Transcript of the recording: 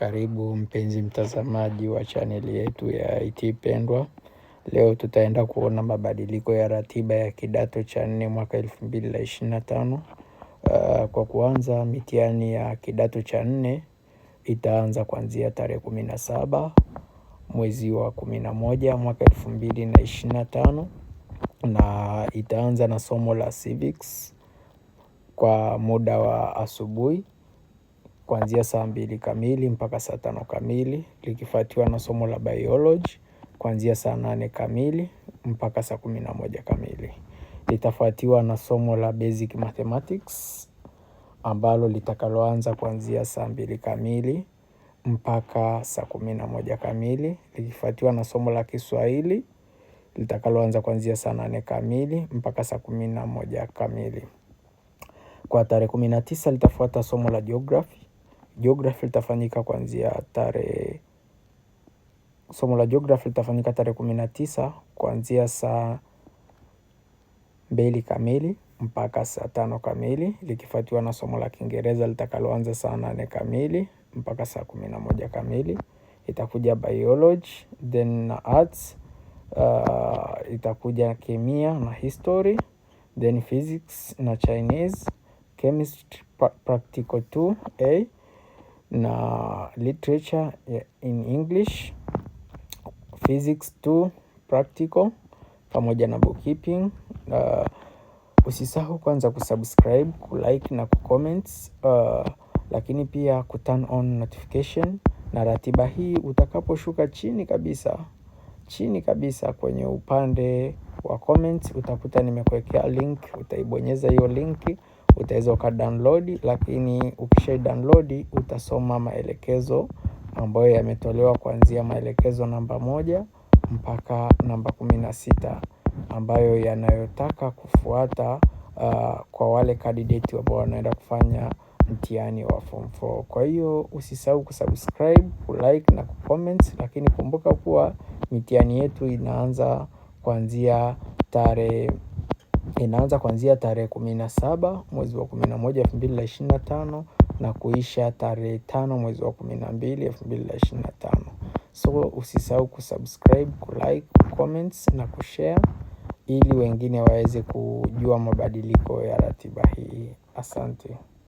Karibu mpenzi mtazamaji wa chaneli yetu ya IT pendwa. Leo tutaenda kuona mabadiliko ya ratiba ya kidato cha nne mwaka elfu mbili na ishirini na tano. Uh, kwa kuanza mitihani ya kidato cha nne itaanza kuanzia tarehe kumi na saba mwezi wa kumi na moja mwaka elfu mbili na ishirini na tano na itaanza na somo la civics kwa muda wa asubuhi kuanzia saa mbili kamili mpaka saa tano kamili likifuatiwa na somo la biology kuanzia saa nane kamili mpaka saa kumi na moja kamili. Litafuatiwa na somo la basic mathematics ambalo litakaloanza kuanzia saa mbili kamili mpaka saa kumi na moja kamili likifuatiwa na somo la Kiswahili litakaloanza kuanzia saa nane kamili mpaka saa kumi na moja kamili. Kwa tarehe kumi na tisa litafuata somo la geography Geography litafanyika kuanzia tarehe somo la Geography litafanyika tarehe kumi na tisa kuanzia saa mbili kamili mpaka saa tano kamili likifuatiwa na somo la Kiingereza litakaloanza saa nane kamili mpaka saa kumi na moja kamili. Itakuja biology then na arts uh, itakuja kemia na history then physics na Chinese chemistry practical 2A na literature eh, in English, physics 2 practical pamoja na bookkeeping. Uh, usisahau kwanza kusubscribe, kulike na kucomment uh, lakini pia kuturn on notification na ratiba hii utakaposhuka chini kabisa chini kabisa kwenye upande wa comments utakuta nimekuwekea link, utaibonyeza hiyo linki utaweza uka download, lakini ukisha download utasoma maelekezo ambayo yametolewa kuanzia maelekezo namba moja mpaka namba kumi na sita ambayo yanayotaka kufuata uh, kwa wale candidate ambao wanaenda kufanya mtihani wa form 4. Kwa hiyo usisahau kusubscribe, kulike na kucomment, lakini kumbuka kuwa mitihani yetu inaanza kuanzia tarehe inaanza kuanzia tarehe kumi na saba mwezi wa kumi na moja elfu mbili na ishirini na tano na kuisha tarehe tano mwezi wa kumi na mbili elfu mbili na ishirini na tano. So usisahau kusubscribe, kulike, comments na kushare ili wengine waweze kujua mabadiliko ya ratiba hii. Asante.